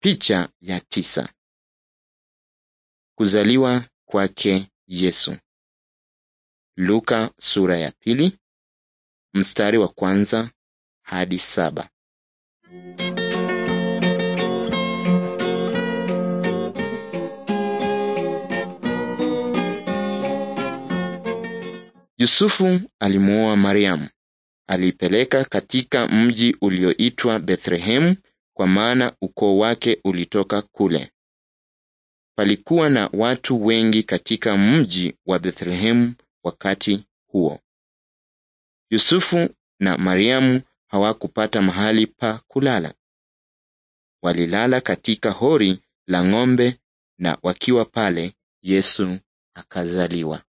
Picha ya tisa kuzaliwa kwake Yesu. Luka sura ya pili mstari wa kwanza hadi saba. Yusufu alimuoa Mariamu, aliipeleka katika mji ulioitwa Bethlehemu kwa maana ukoo wake ulitoka kule. Palikuwa na watu wengi katika mji wa Bethlehemu wakati huo. Yusufu na Mariamu hawakupata mahali pa kulala. Walilala katika hori la ng'ombe na wakiwa pale Yesu akazaliwa.